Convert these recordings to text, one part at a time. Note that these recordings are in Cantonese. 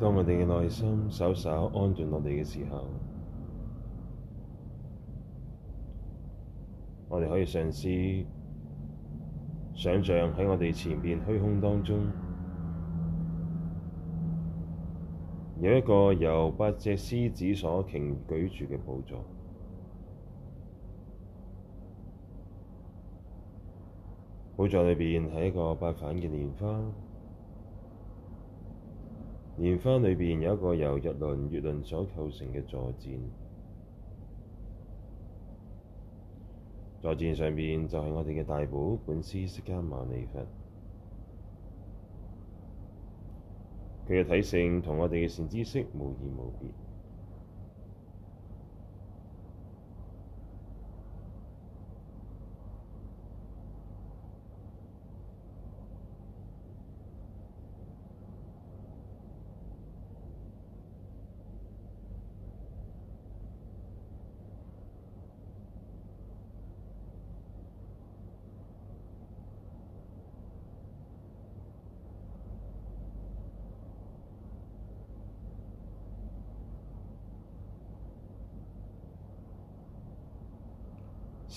當我哋嘅內心稍稍安頓落嚟嘅時候，我哋可以嘗試想像喺我哋前邊虛空當中有一個由八隻獅子所擎舉住嘅寶座，寶座裏邊係一個八瓣嘅蓮花。蓮花裏面有一個由日輪、月輪所構成嘅坐墊，坐墊上面就係我哋嘅大寶本師釋迦牟尼佛，佢嘅體性同我哋嘅善知識無異無別。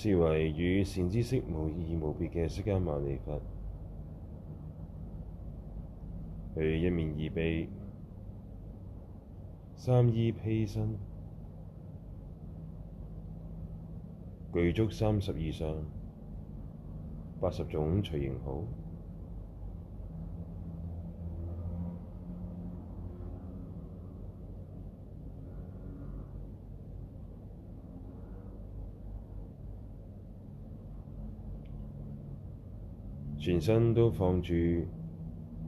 視為與善知識無異無別嘅釋迦牟尼佛，佢一面二臂，三衣披身，具足三十二相，八十種隨形好。全身都放住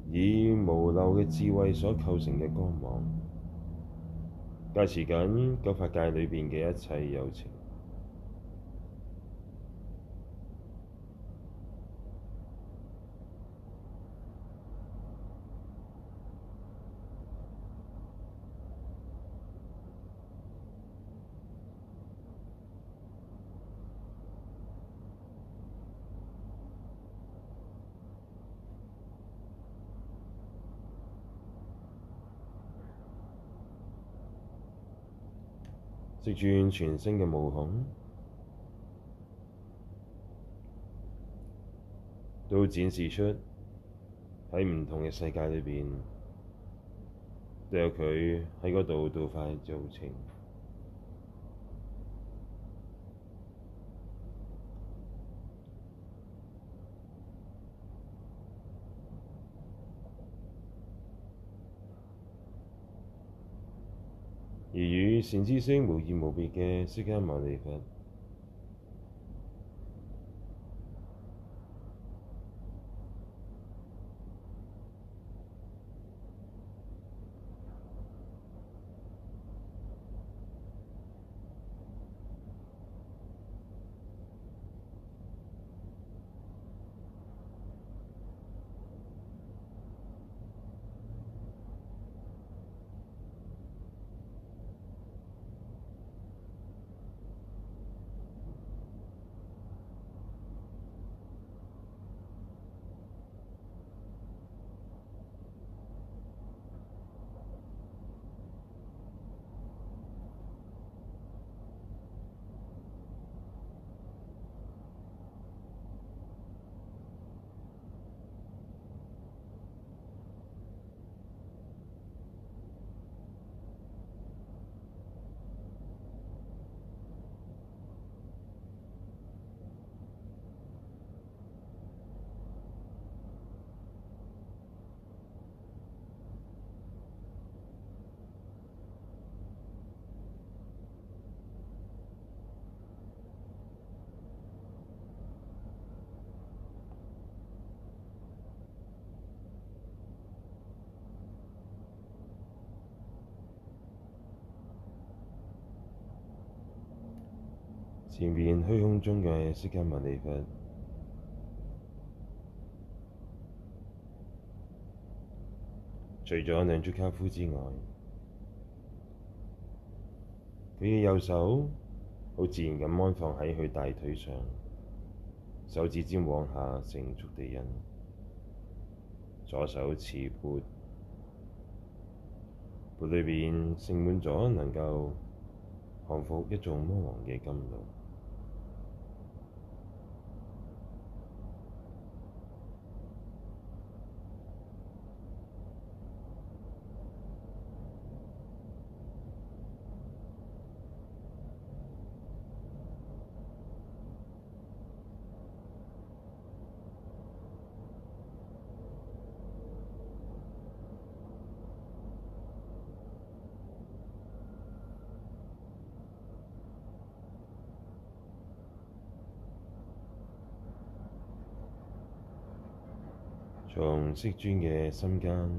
以無漏嘅智慧所構成嘅光芒，加持緊教法界裏邊嘅一切有情。轉全身嘅毛孔，都展示出喺唔同嘅世界裏邊，都有佢喺嗰度度快造情。善知識無二無別嘅釋迦牟尼佛。前面虛空中嘅釋迦牟尼佛，除咗兩尊跏趺之外，佢嘅右手好自然咁安放喺佢大腿上，手指尖往下成觸地印；左手持缽，缽裏邊盛滿咗能夠降服一眾魔王嘅甘露。色尊嘅心間，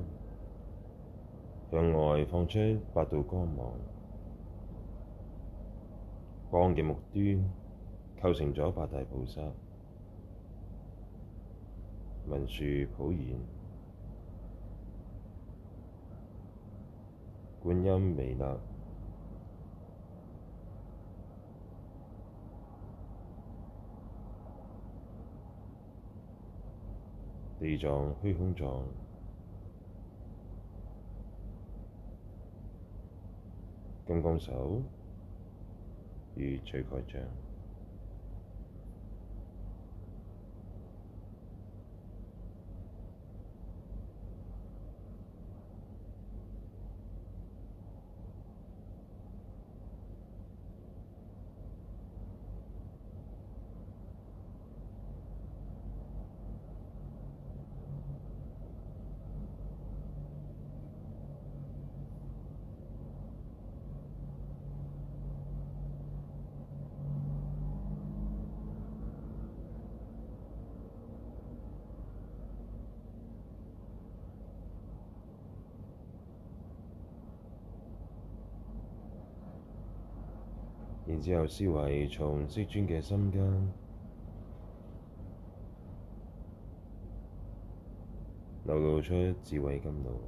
向外放出八道光芒，光嘅末端構成咗八大菩薩，文殊、普賢、觀音、彌勒、地藏、虛空藏、金剛手與摧蓋障。只有思維，從色尊嘅心間流露出智慧甘露。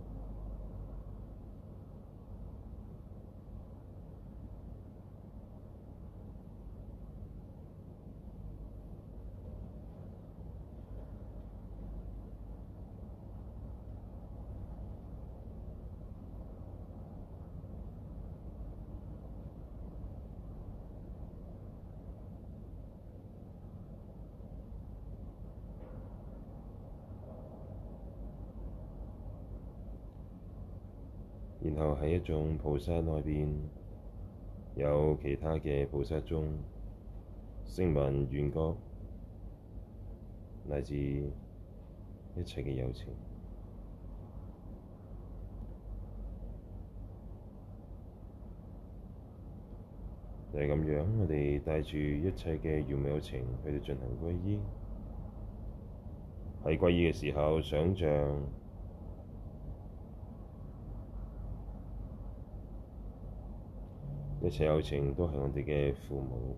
然後喺一眾菩薩內邊有其他嘅菩薩眾聲聞緣覺乃至一切嘅有情， 就係咁樣，我哋帶住一切嘅怨有情去進行皈依。喺皈依嘅時候，想象。一切有情都係我哋嘅父母。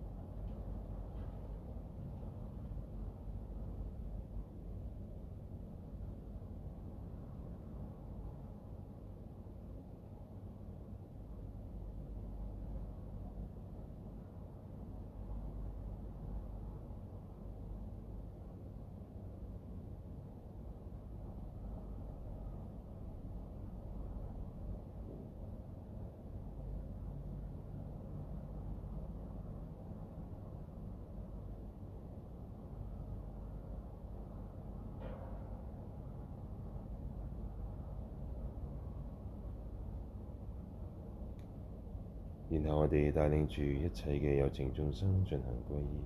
然後我哋帶領住一切嘅有情眾生進行皈依，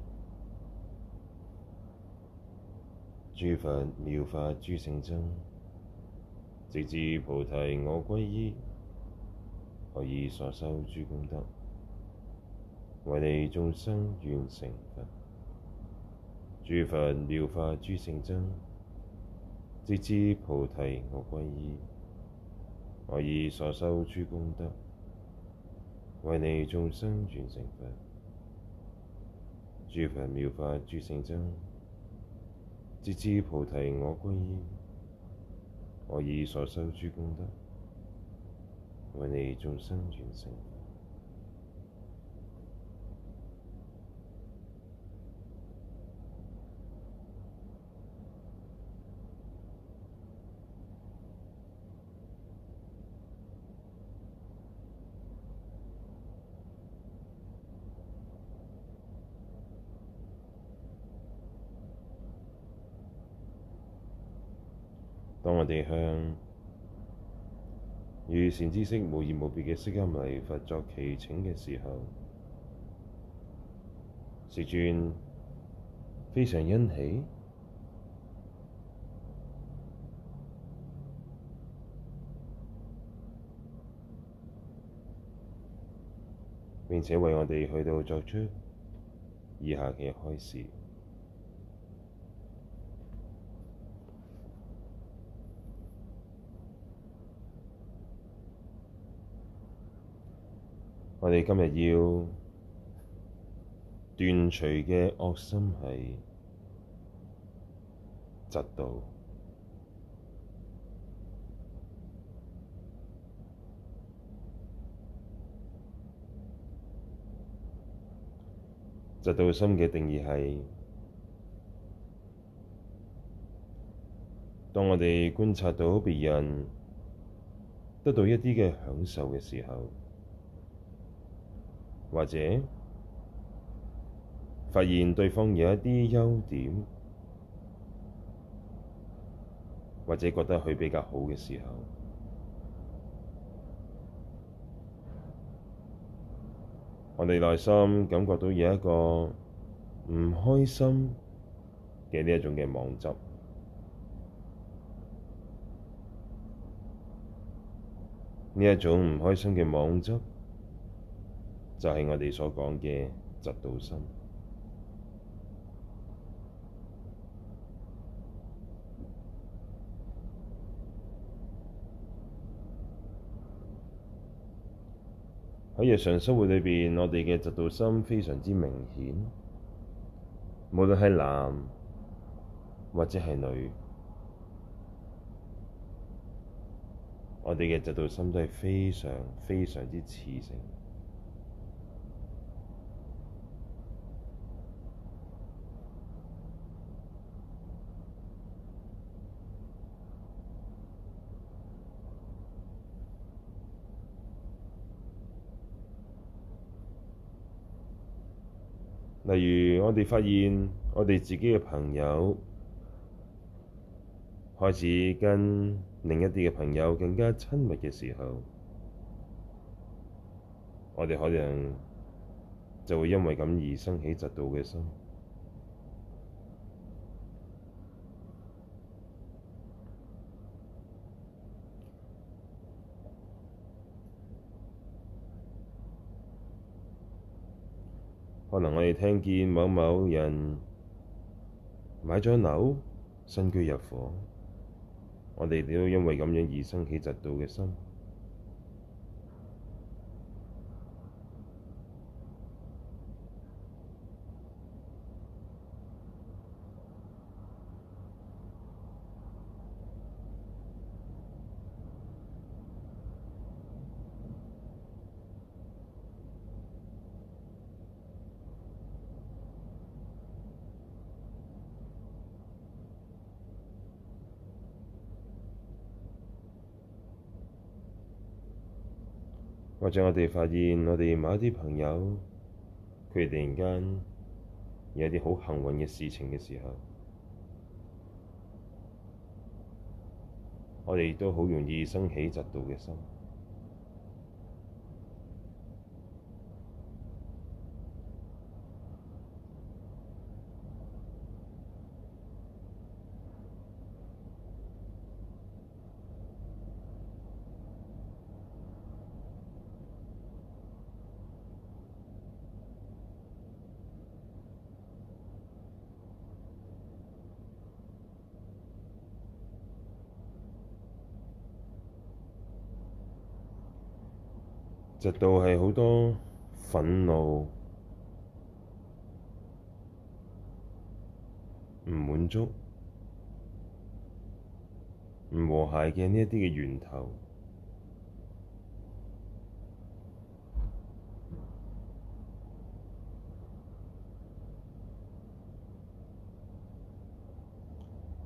諸佛妙法諸聖僧，直至菩提我皈依，我以所修諸功德，為利眾生願成佛。諸佛妙法諸聖僧，直至菩提我皈依，我以所修諸功德。為你眾生完成佛，諸佛妙法諸聖僧，直至菩提我歸依，我以所修諸功德，為你眾生完成佛。我哋向與善知識無二無別嘅釋迦牟尼佛作祈請嘅時候，世尊非常欣喜，並且為我哋去到作出以下嘅開示。我哋今日要斷除嘅惡心係嫉妒。嫉妒心嘅定義係：當我哋觀察到別人得到一啲嘅享受嘅時候。或者發現對方有一啲優點，或者覺得佢比較好嘅時候，我哋內心感覺到有一個唔開心嘅呢一種嘅妄執，呢一種唔開心嘅妄執。就係我哋所講嘅嫉妒心。喺日常生活裏邊，我哋嘅嫉妒心非常之明顯。無論係男或者係女，我哋嘅嫉妒心都係非常非常之熾盛。例如，我哋發現我哋自己嘅朋友開始跟另一啲嘅朋友更加親密嘅時候，我哋可能就會因為咁而生起嫉妒嘅心。可能我哋聽見某某人買咗樓，新居入伙，我哋都因為咁樣而生起嫉妒嘅心。或者我哋發現我哋某一啲朋友，佢哋突然間有一啲好幸運嘅事情嘅時候，我哋都好容易生起嫉妒嘅心。嫉妒係好多憤怒、唔滿足、唔和諧嘅呢啲嘅源頭，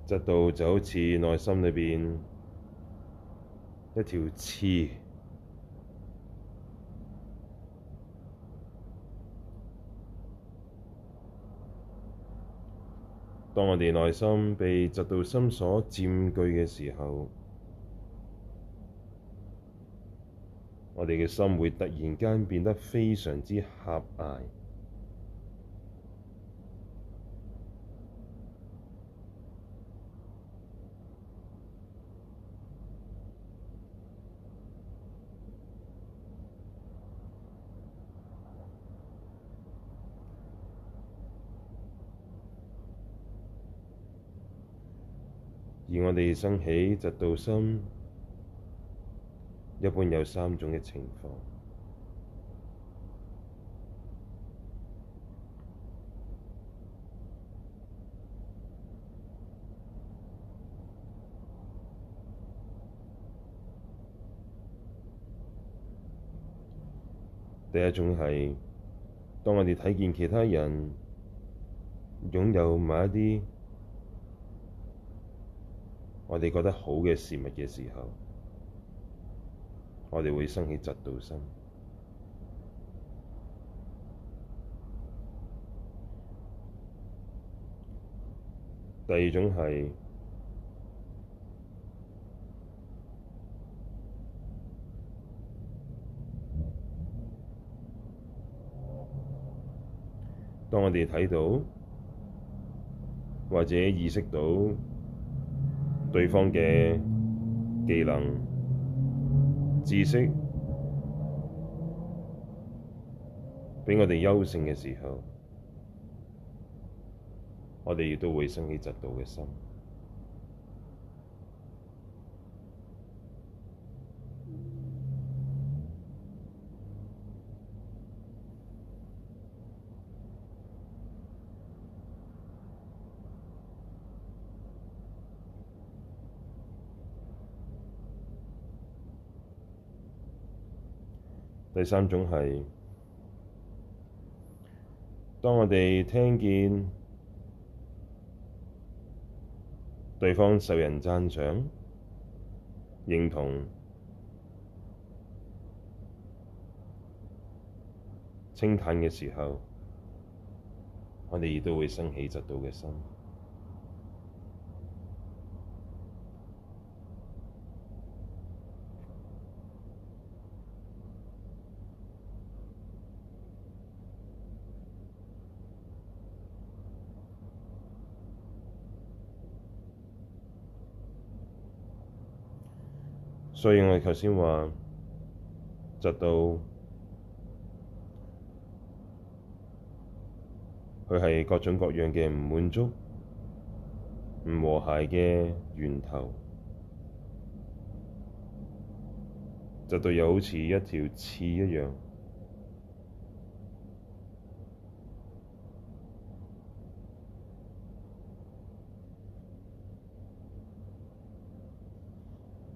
嫉妒就好似內心裏邊一條刺。當我哋內心被嫉妒心所佔據嘅時候，我哋嘅心會突然間變得非常之狹隘。我哋生起嫉妒心，一般有三種嘅情況。第一種係，當我哋睇見其他人擁有某一啲。我哋覺得好嘅事物嘅時候，我哋會生起嫉妒心。第二種係，當我哋睇到或者意識到。對方嘅技能、知識，比我哋優勝嘅時候，我哋亦都會升起嫉妒嘅心。第三種係，當我哋聽見對方受人讚賞、認同、稱歎嘅時候，我哋亦都會升起嫉妒嘅心。所以我哋頭先話，嫉妒佢係各種各樣嘅唔滿足、唔和諧嘅源頭，嫉妒又好似一條刺一樣。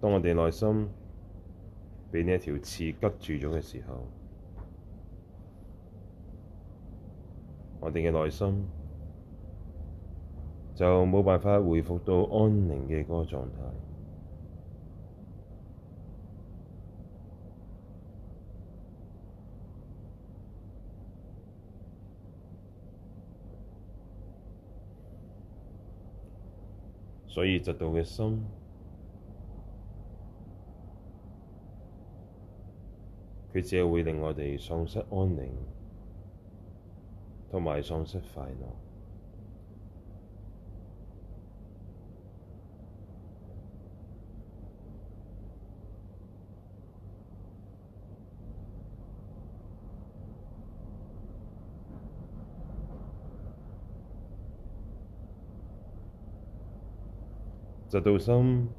當我哋內心畀呢一條刺拮住咗嘅時候，我哋嘅內心就冇辦法回復到安寧嘅嗰個狀態，所以嫉妒嘅心。佢只會令我哋喪失安寧，同埋喪失快樂。嫉妒心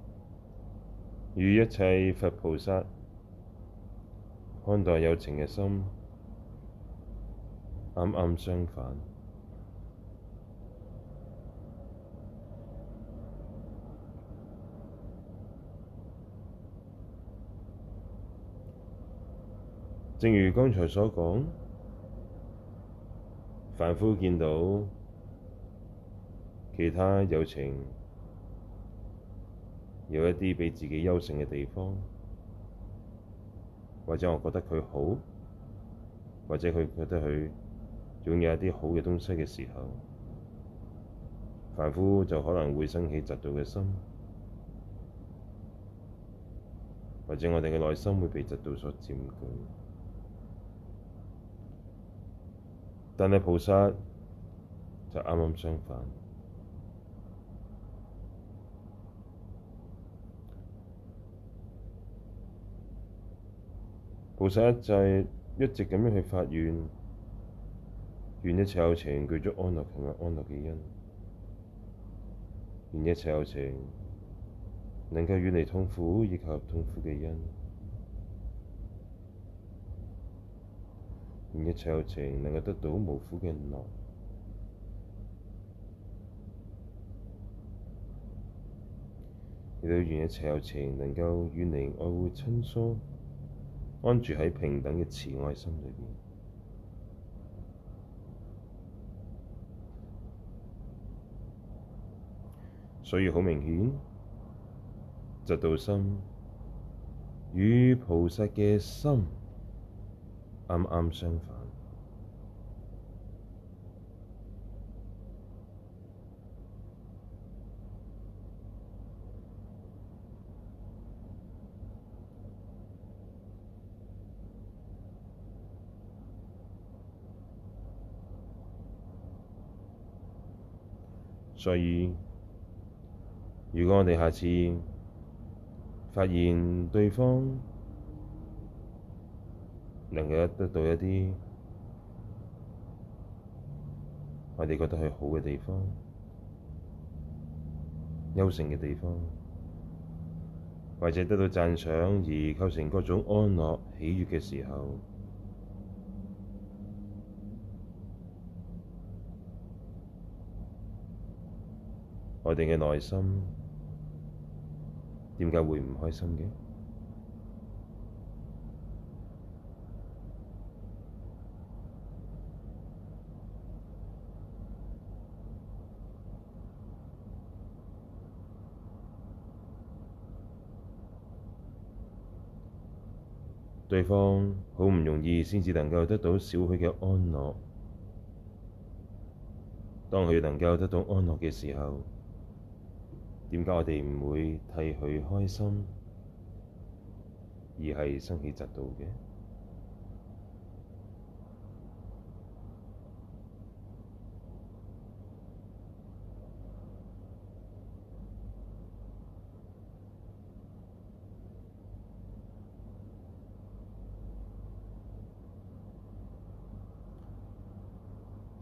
與一切佛菩薩看待友情嘅心，啱啱相反。正如剛才所講，凡夫見到其他友情有一啲比自己優勝嘅地方。或者我覺得佢好，或者佢覺得佢擁有一啲好嘅東西嘅時候，凡夫就可能會生起嫉妒嘅心，或者我哋嘅內心會被嫉妒所佔據。但係菩薩就啱啱相反。菩薩一際一直咁樣去發願，願一切有情具足安樂同埋安樂嘅因，願一切有情能夠遠離痛苦以及痛苦嘅因，願一切有情能夠得到無苦嘅樂，亦都願一切有情能夠遠離愛護親疏。安住喺平等嘅慈愛心裏邊，所以好明顯，嫉妒心與菩薩嘅心啱啱相反。所以，如果我哋下次發現對方能夠得到一啲我哋覺得係好嘅地方、優勝嘅地方，或者得到讚賞而構成各種安樂、喜悅嘅時候，我哋嘅內心點解會唔開心嘅？對方好唔容易先至能夠得到少許嘅安樂，當佢能夠得到安樂嘅時候，點解我哋唔會替佢開心，而係生起嫉妒嘅？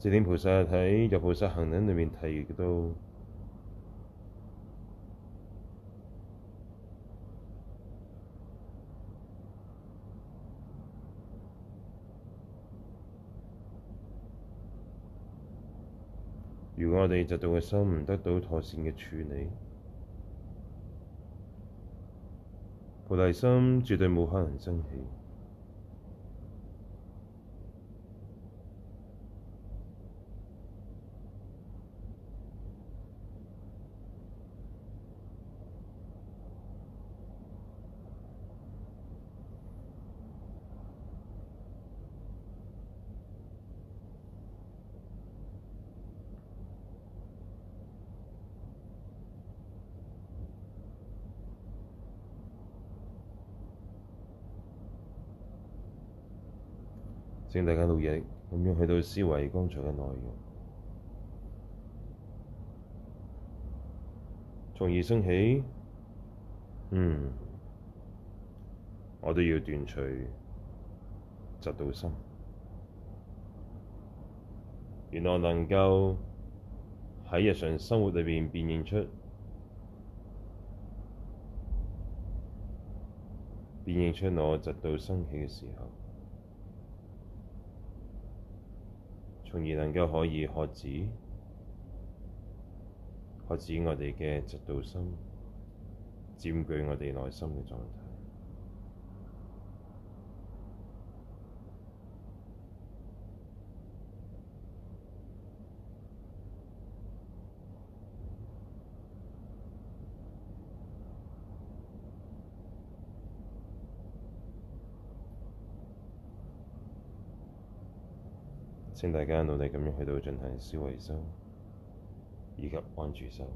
寂天菩薩喺《入菩薩行論》裏面提到。如果我哋嫉妒嘅心唔得到妥善嘅處理，菩提心絕對冇可能生起。思維剛才嘅內容，從而升起。嗯，我都要斷除嫉妒心。原來能夠喺日常生活裏邊辨認出、辨認出我嫉妒升起嘅時候。從而能夠可以喝止、喝止我哋嘅嫉妒心佔據我哋內心嘅狀態。請大家努力咁樣去到進行思維修以及安住修。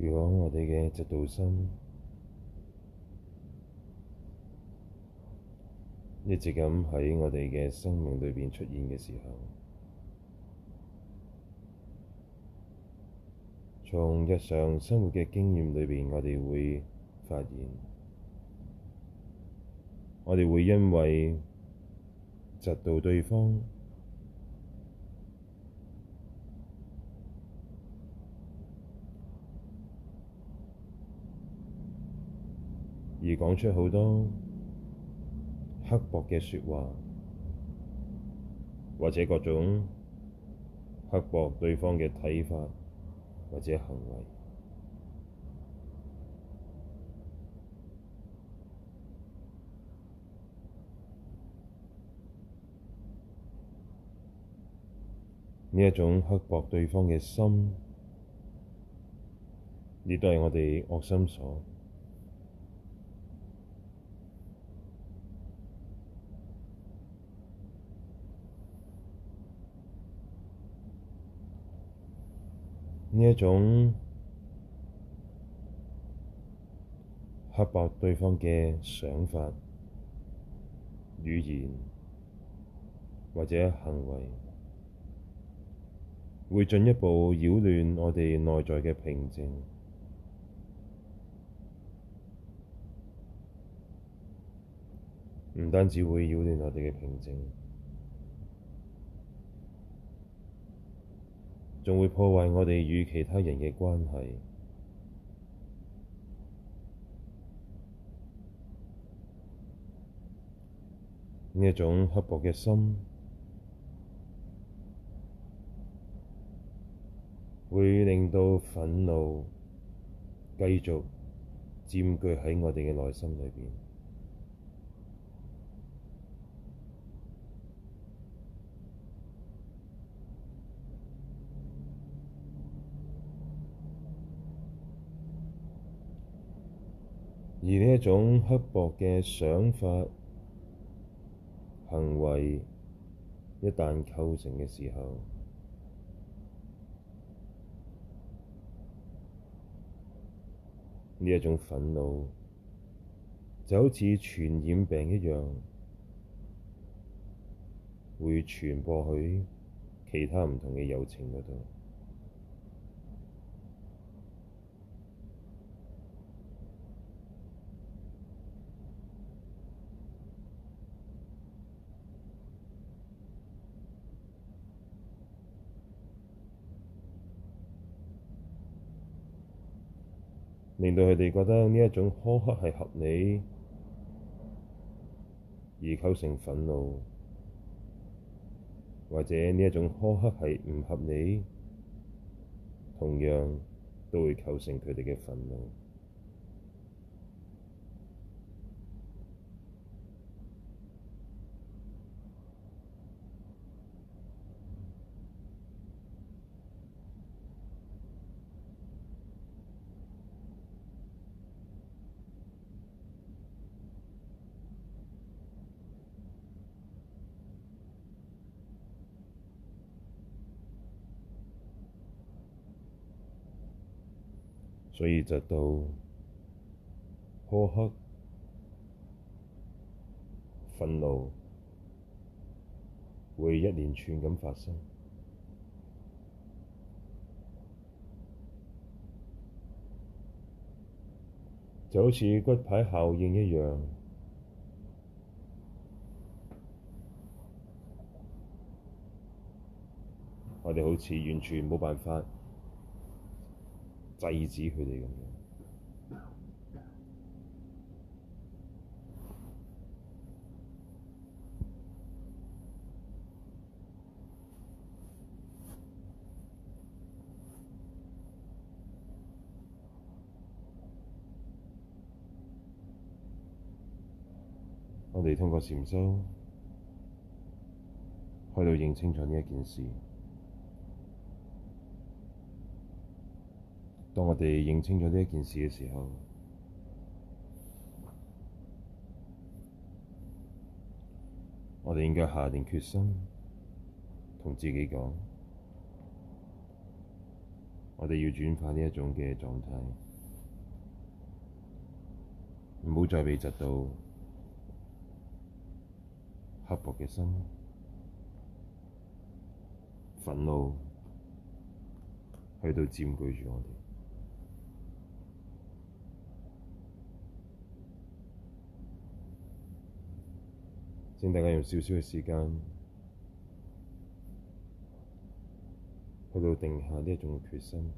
如果我哋嘅嫉妒心一直咁喺我哋嘅生命裏邊出現嘅時候，從日常生活嘅經驗裏邊，我哋會發現，我哋會因為嫉妒對方。而講出好多刻薄嘅説話，或者各種刻薄對方嘅睇法或者行為，呢一種刻薄對方嘅心，呢都係我哋惡心所。呢一種刻薄對方嘅想法、語言或者行為，會進一步擾亂我哋內在嘅平靜。唔單止會擾亂我哋嘅平靜。仲會破壞我哋與其他人嘅關係。呢一種刻薄嘅心，會令到憤怒繼續佔據喺我哋嘅內心裏邊。而呢一種刻薄嘅想法行為，一旦構成嘅時候，呢一種憤怒就好似傳染病一樣，會傳播去其他唔同嘅友情嗰度。令到佢哋覺得呢一種苛刻係合理，而構成憤怒；或者呢一種苛刻係唔合理，同樣都會構成佢哋嘅憤怒。所以就到苛刻、憤怒，會一連串咁發生，就好似骨牌效應一樣。我哋好似完全冇辦法，制止佢哋咁樣，我哋通過禪修，去到認清楚呢一件事。當我哋認清楚呢一件事嘅時候，我哋應該下定決心，同自己講：我哋要轉化呢一種嘅狀態，唔好再被嫉妒刻薄嘅心、憤怒，喺度佔據住我哋。先大家用少少嘅時間，去到定下呢一種決心。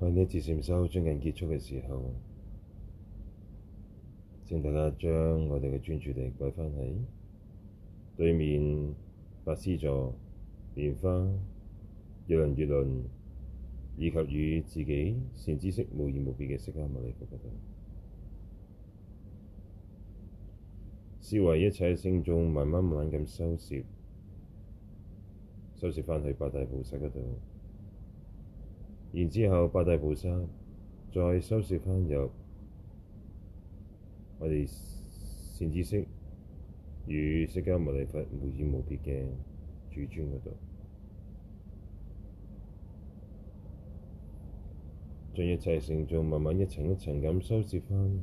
喺呢一次禪修將近結束嘅時候，請大家將我哋嘅專注力擺翻喺對面白絲座、蓮花、月輪、月輪，以及與自己善知識無緣無別嘅釋迦牟尼佛嗰度，思維一切嘅聖眾慢慢慢咁收攝，收攝翻去八大菩薩嗰度。然之後，八大菩薩再收拾翻入我哋善知識與釋迦牟尼佛無二無別嘅主尊嗰度，將一切成像慢慢一層一層咁收拾翻，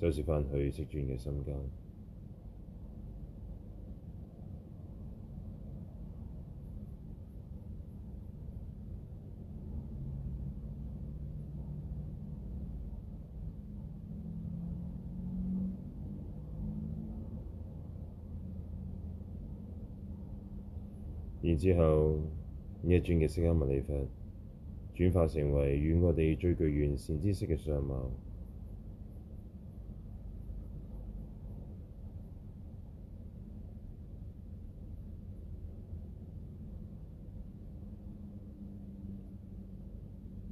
收拾翻去色尊嘅心間。然之後呢一轉嘅釋迦牟尼佛，轉化成為與我哋最具完善知識嘅相貌，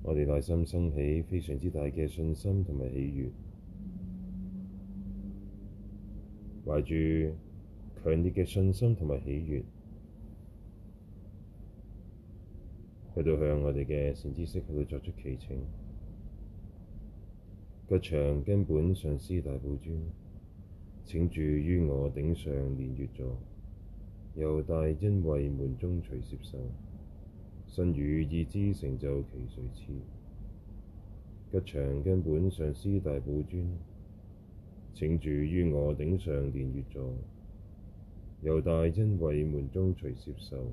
我哋內心升起非常之大嘅信心同埋喜悅，懷住強烈嘅信心同埋喜悅。去到向我哋嘅善知識去到作出祈請，吉祥根本上師大寶尊，請住於我頂上蓮月座，由大恩惠門中隨攝受，身語意之成就祈垂賜，吉祥根本上師大寶尊，請住於我頂上蓮月座，由大恩惠門中隨攝受。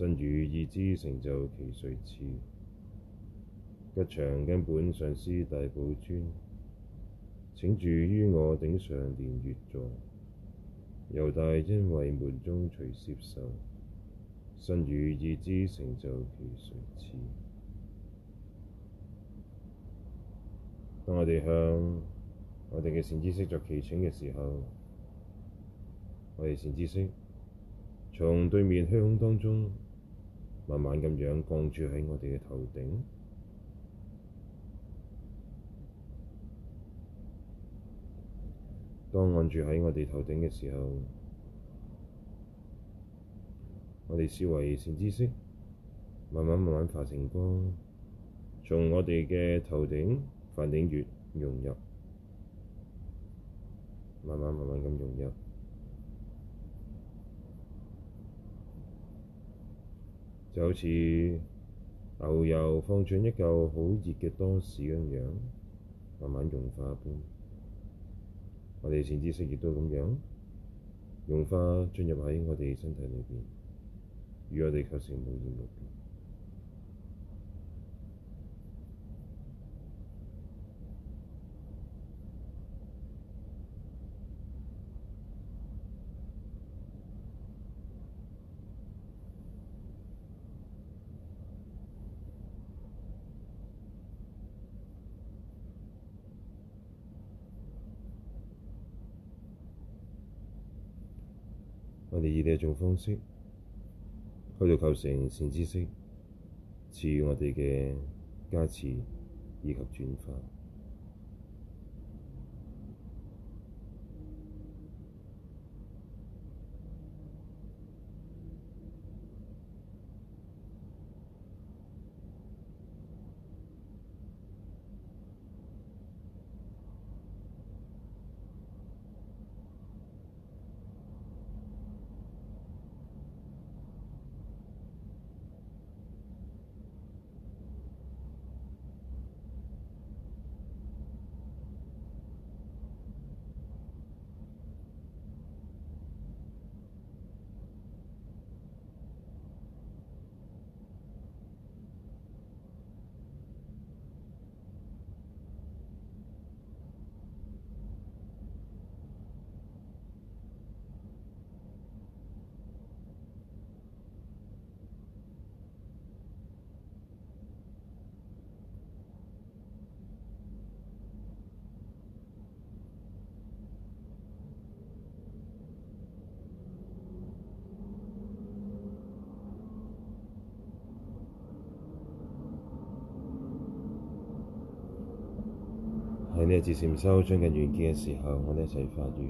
身如意之成就其瑞次。吉祥根本上師大寶尊，請住於我頂上蓮月座。由大因位門中隨攝受，身如意之成就其瑞次。當我哋向我哋嘅善知識作祈請嘅時候，我哋善知識從對面虛空當中。慢慢咁樣降住喺我哋嘅頭頂。當按住喺我哋頭頂嘅時候，我哋思維善知識，慢慢慢慢發成光，從我哋嘅頭頂梵頂穴融入，慢慢慢慢咁融入。就好似牛油放進一嚿好熱嘅多士一樣，慢慢融化一般。我哋善知識亦都咁樣融化進入喺我哋身體裏邊，與我哋構成無形連結。我哋以呢一種方式，去到構成善知識，賜予我哋嘅加持，以及轉化。喺呢一節禪修將近完結嘅時候，我哋一齊發願，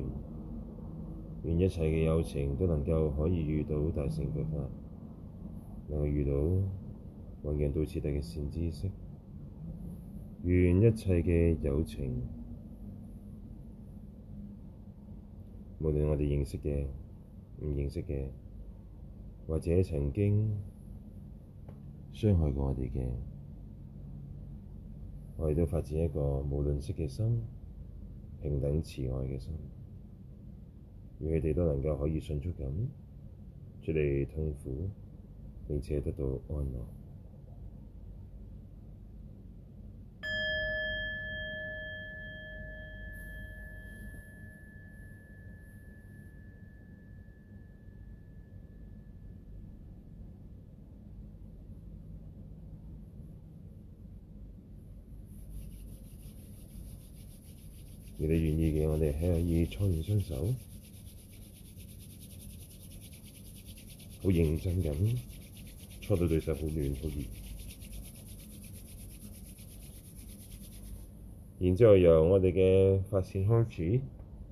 願一切嘅友情都能夠可以遇到大乘佛法，能夠遇到運用到此地嘅善知識，願一切嘅友情，無論我哋認識嘅、唔認識嘅，或者曾經傷害過我哋嘅。我哋都發展一個無吝嗇嘅心，平等慈愛嘅心，願佢哋都能夠可以迅速咁處理痛苦，並且得到安樂。我哋可以搓完雙手，好認真咁搓到對手好軟好熱，然之後由我哋嘅髮線開始，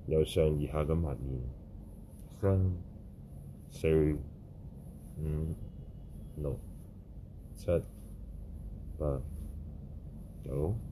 由上而下咁抹面，三、四、五、六、七、八、九。